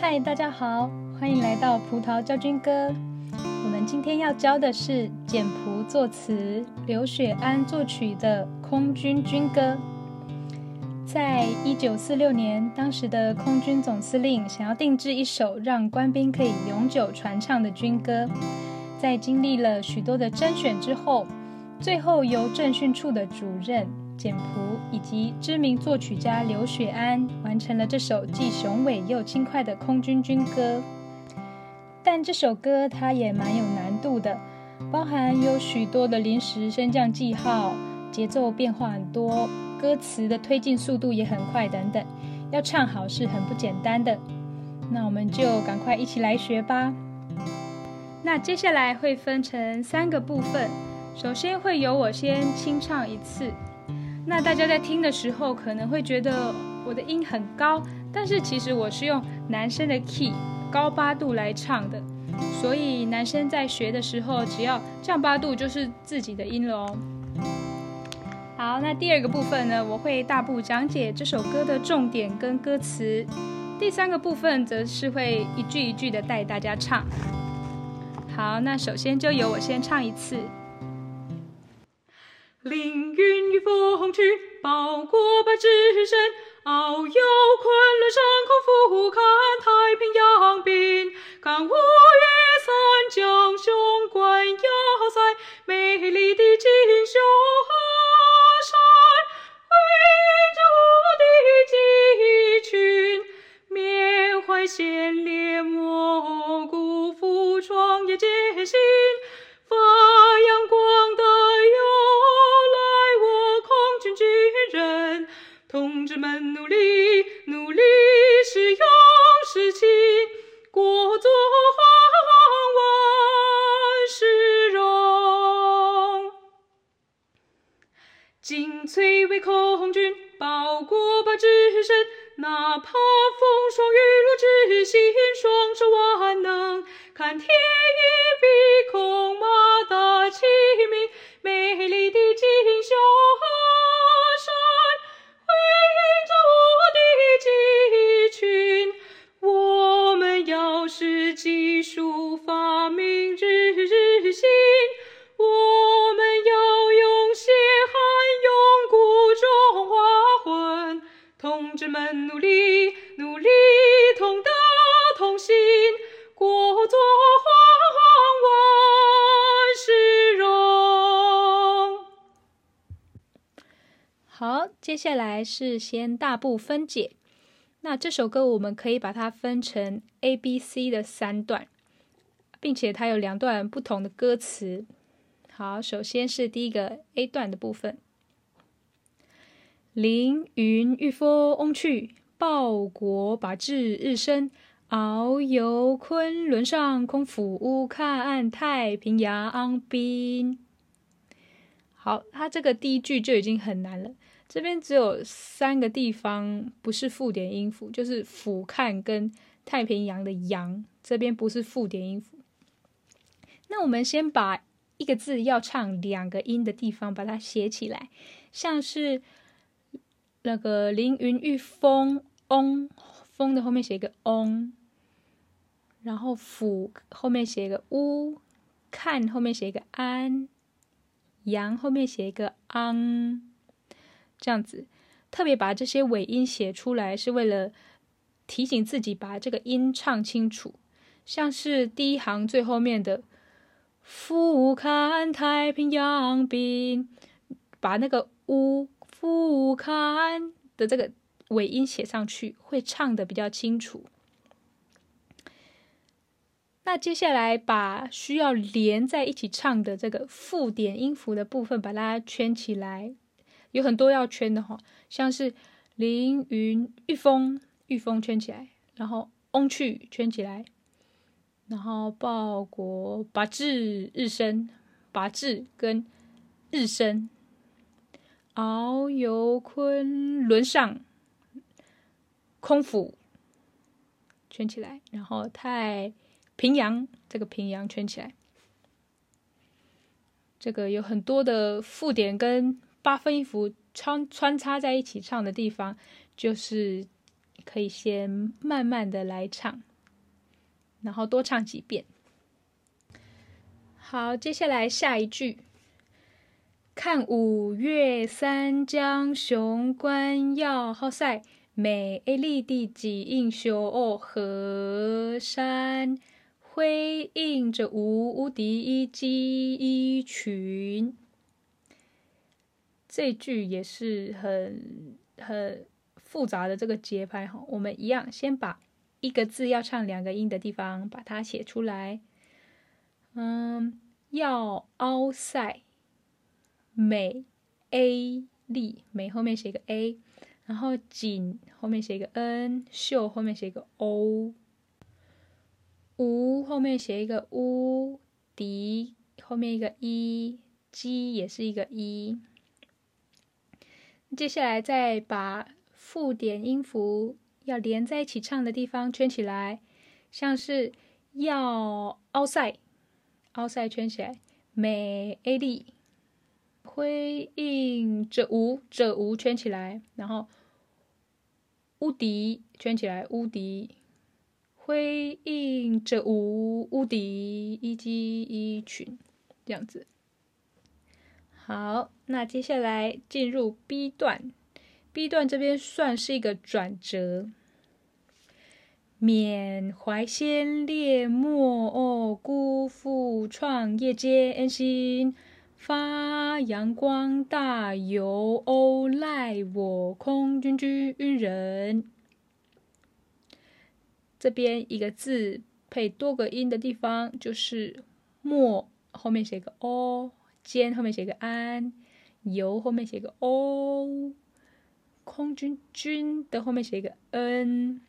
嗨，大家好，歡迎來到葡萄教軍歌。我們今天要教的是簡樸作詞、劉雪庵作曲的《空軍軍歌》。在一九四六年，當時的空軍總司令想要定制一首讓官兵可以永久傳唱的軍歌。在經歷了許多的甄選之後，最後由政訓處的主任簡樸以及知名作曲家劉雪庵完成了這首既雄偉又輕快的空軍軍歌。但這首歌它也蠻有難度的，包含有許多的臨時升降記號、節奏變化很多、歌詞的推進速度也很快等等，要唱好是很不簡單的。那我們就趕快一起來學吧。那接下來會分成三個部分，首先會由我先清唱一次。那大家在聽的時候可能會覺得我的音很高，但是其實我是用男生的 key 高八度來唱的，所以男生在學的時候只要降八度就是自己的音了哦。好，那第二個部分呢，我會大步講解這首歌的重點跟歌詞。第三個部分則是會一句一句的帶大家唱。好，那首先就由我先唱一次。凌雲御風去，報國把志伸，遨遊崑崙上空，俯瞰太平洋濱，看五嶽三江，雄關要塞，美麗的錦繡河山，為着我的機群，緬懷先烈們。好，接下來是先大步分解。那這首歌我們可以把它分成 A、B、C 的三段，並且它有兩段不同的歌詞。好，首先是第一個 A 段的部分：凌雲御風去，報國把志日升，遨遊崑崙上空，俯瞰太平洋濱。好，它這個第一句就已經很難了。這邊只有三個地方不是附點音符，就是“俯瞰”跟“太平洋”的“洋”。這邊不是附點音符。那我們先把一個字要唱兩個音的地方把它寫起來，像是那個“凌雲御風”“嗡”，“風”的後面寫一個“嗡”。然後“俯”後面寫一個“烏”，“看”後面寫一個“安”。陽後面寫一個 ang，這樣子，特別把這些尾音寫出來，是為了提醒自己把這個音唱清楚。像是第一行最後面的“俯瞰太平洋濱”，把那個“嗚俯瞰”的這個尾音寫上去，會唱的比較清楚。那接下來把需要連在一起唱的這個附點音符的部分，把它圈起來。有很多要圈的哈，像是凌雲御風、御風圈起來，然後風去圈起來，然後報國把志伸，把志跟志伸，遨遊昆崙上空俯圈起來，然後太。平洋，這個平洋圈起來，這個有很多的附點跟八分音符穿穿插在一起唱的地方，就是可以先慢慢的來唱，然後多唱幾遍。好，接下來下一句，看五岳三江雄，關要好塞美麗的錦繡哦，河山。輝映著無敵一機一群，這句也是很很複雜的這個節拍哈。我們一樣先把一個字要唱兩個音的地方把它寫出來。嗯，要凹塞美 a 麗美後面寫個 a，然後錦，後面寫個 n，秀後面寫個 o。五後面寫一個五，迪，後面一個一，擊也是一個一。接下來再把附點音符要連在一起唱的地方圈起來，像是要塞，要塞圈起來，美麗的，輝映著無，著無圈起來，然後無敵圈起來，無敵。輝映着無無敵一機一群，這樣子。好，那接下來進入 B 段。B 段這邊算是一個轉折。緬懷先烈莫，莫哦辜負創業艱辛，發揚光大遊，尤歐賴我空軍軍人。這邊一個字配多個音的地方，就是莫後面寫個 o，艱，後面寫個安，遊後面寫個 o，空軍軍的後面寫一個 n，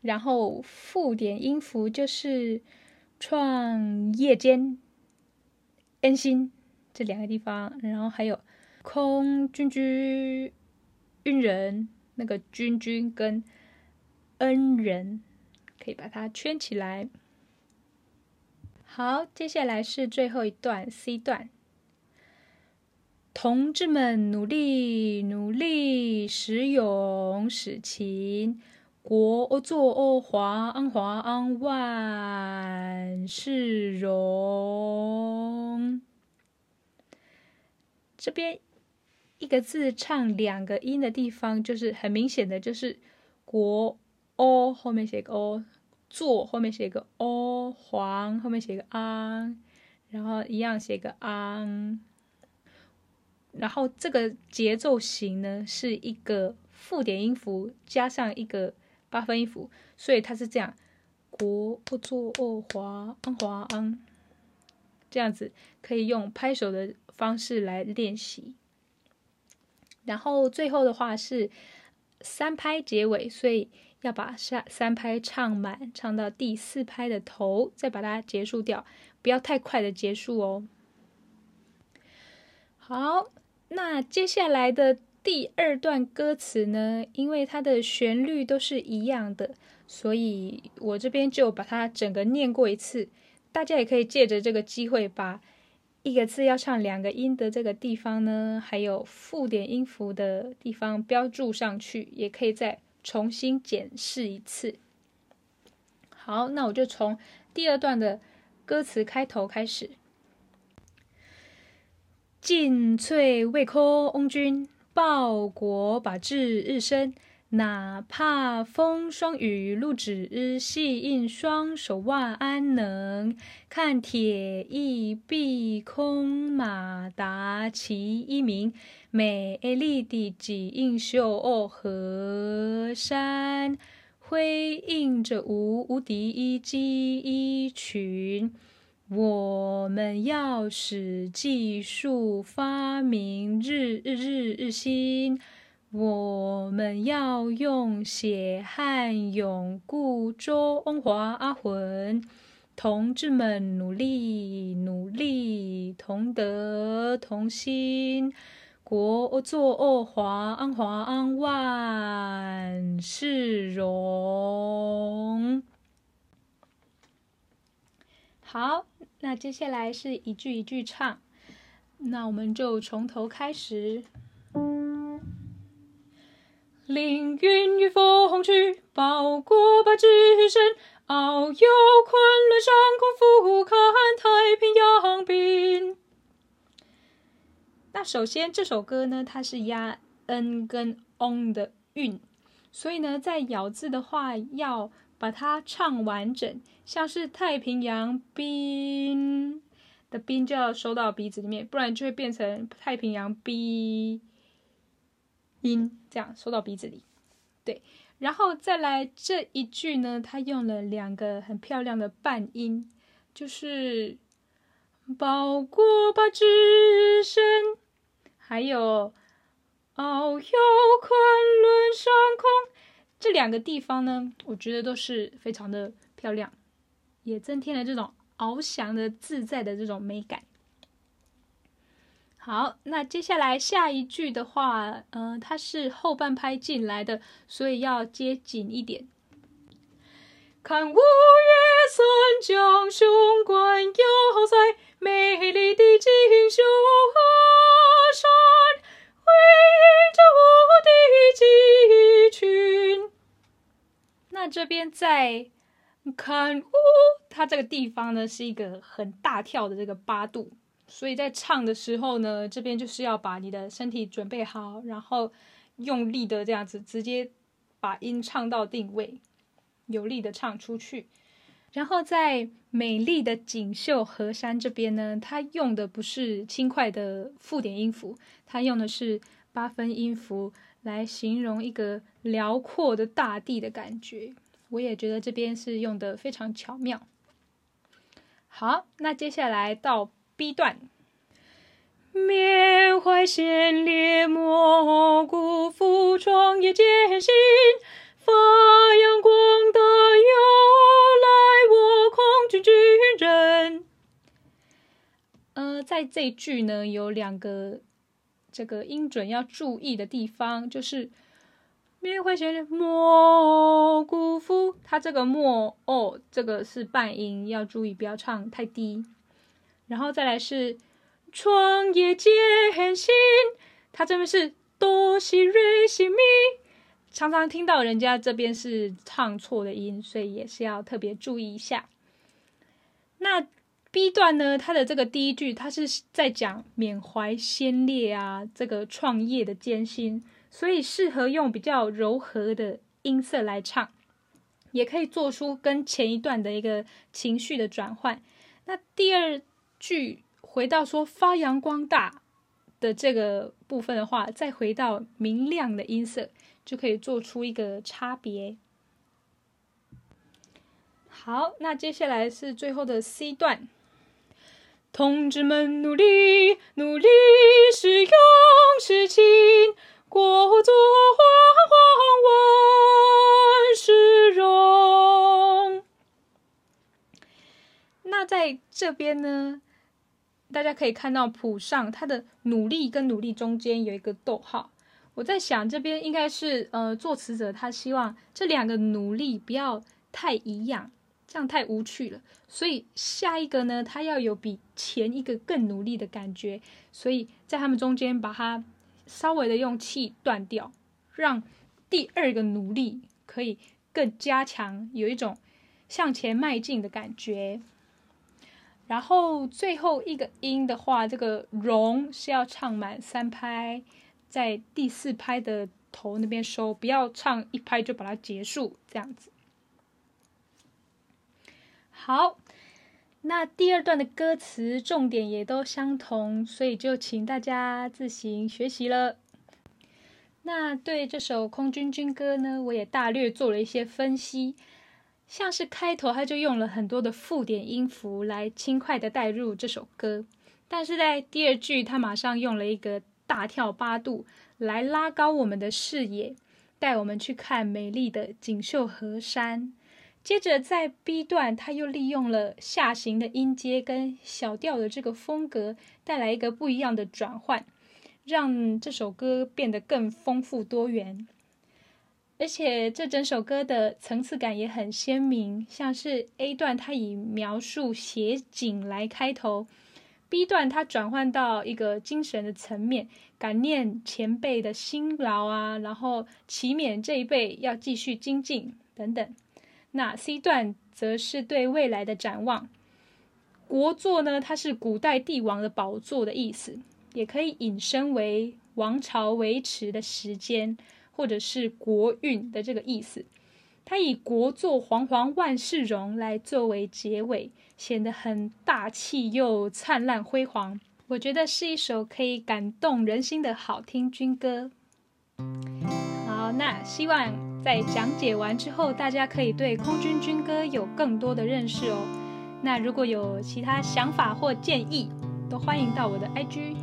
然後附點音符就是創業艱、安心這兩個地方，然後還有空軍軍軍人那個軍軍跟恩人可以把它圈起來。好，接下來是最後一段 C 段。同志們努，努力努力，矢勇矢勤，國哦祚哦，皇安皇安，萬世榮。這邊一個字唱兩個音的地方，就是很明顯的就是“國”。o、哦、後面寫個 o，、哦、祚後面寫個 o，、哦、皇後面寫個 a、啊、n 然後一樣寫個 a、啊、n 然後這個節奏型呢是一個附點音符加上一個八分音符，所以它是這樣：國不、哦，祚哦，皇 a n 皇 a n。這樣子可以用拍手的方式來練習。然後最後的話是三拍結尾，所以。要把下三拍唱滿，唱到第四拍的頭，再把它結束掉，不要太快的結束哦。好，那接下來的第二段歌詞呢，因為它的旋律都是一樣的，所以我這邊就把它整個念過一次。大家也可以借着這個機會，把一個字要唱兩個音的這個地方呢，還有附點音符的地方標註上去，也可以在。重新檢視一次。好，那我就從第二段的歌詞開頭開始：“盡瘁為空軍，報國把志日升。哪怕風霜雨露指細印，雙手萬安能。看鐵翼蔽空，馬達齊一鳴。”美麗的錦繡河山，輝映着無無敵一機一群。我們要使技術發明日日日日，日新。我們要用血汗永固中華阿魂。同志們，努力努力，同德同心。國祚，哦，皇皇萬世榮。好，那接下來是一句一句唱，那我們就從頭開始。凌雲御風去，報國把志伸，遨遊昆崙上空，俯瞰太平洋濱。那首先這首歌呢，它是壓 n 跟 ong 的韻，所以呢，在咬字的話，要把它唱完整，像是太平洋濱的濱就要收到鼻子裡面，不然就會變成太平洋冰。音，這樣收到鼻子裡。對，然後再來這一句呢，它用了兩個很漂亮的半音，就是報國把志伸。還有遨遊崑崙上空，這兩個地方呢，我覺得都是非常的漂亮，也增添了這種翱翔的自在的這種美感。好，那接下來下一句的話，嗯、呃，它是後半拍進來的，所以要接緊一點。看五嶽三江雄關要塞，美麗的錦繡河。的那這邊在看哦，它這個地方呢，是一個很大跳的這個八度，所以在唱的時候呢，這邊就是要把你的身體準備好，然後用力的這樣子，直接把音唱到定位，有力的唱出去。然後在美麗的錦繡河山這邊呢，他用的不是輕快的附點音符，他用的是八分音符來形容一個遼闊的大地的感覺。我也覺得這邊是用的非常巧妙。好，那接下來到 B 段，緬懷先烈，莫辜負創業艱辛。在這一句呢，有兩個這個音準要注意的地方，就是緬懷先烈莫辜負，它這個莫哦，這個是半音，要注意不要唱太低。然後再來是創業艱辛，它這邊是哆西瑞西咪，常常聽到人家這邊是唱錯的音，所以也是要特別注意一下。B 段呢，它的這個第一句，它是在講緬懷先烈啊，這個創業的艱辛，所以適合用比較柔和的音色來唱，也可以做出跟前一段的一個情緒的轉換。那第二句回到說發揚光大的這個部分的話，再回到明亮的音色，就可以做出一個差別。好，那接下來是最後的 C 段。同志們，努力，努力，矢勇矢勤，國祚皇皇萬世榮。那在這邊呢，大家可以看到譜上，它的努力跟努力中間有一個逗號。我在想，這邊應該是呃，作詞者他希望這兩個努力不要太一樣。這樣太無趣了，所以下一個呢，它要有比前一個更努力的感覺，所以在它們中間把它稍微的用氣斷掉，讓第二個努力可以更加強，有一種向前邁進的感覺。然後最後一個音的話，這個榮是要唱滿三拍，在第四拍的頭那邊收，不要唱一拍就把它結束，這樣子。好，那第二段的歌詞重點也都相同，所以就請大家自行學習了。那對這首空軍軍歌呢，我也大略做了一些分析。像是開頭，他就用了很多的附點音符來輕快的帶入這首歌，但是在第二句，他馬上用了一個大跳八度來拉高我們的視野，帶我們去看美麗的錦繡河山。接着在 B 段，他又利用了下行的音階跟小調的這個風格，帶來一個不一樣的轉換，讓這首歌變得更豐富多元。而且這整首歌的層次感也很鮮明，像是 A 段它以描述寫景來開頭，B 段它轉換到一個精神的層面，感念前輩的辛勞啊，然後祈勉這一輩要繼續精進等等。那 C 段則是對未來的展望。國祚呢，它是古代帝王的寶座的意思，也可以引申為王朝維持的時間，或者是國運的這個意思。它以“國祚皇皇，萬世榮”來作為結尾，顯得很大氣又燦爛輝煌。我覺得是一首可以感動人心的好聽軍歌。好，那希望。在講解完之後，大家可以對空軍軍歌有更多的認識哦。那如果有其他想法或建議，都歡迎到我的 I G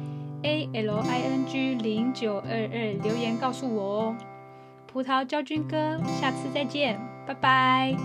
A L I N G 零九二二留言告訴我哦。葡萄教軍歌，下次再見，拜拜。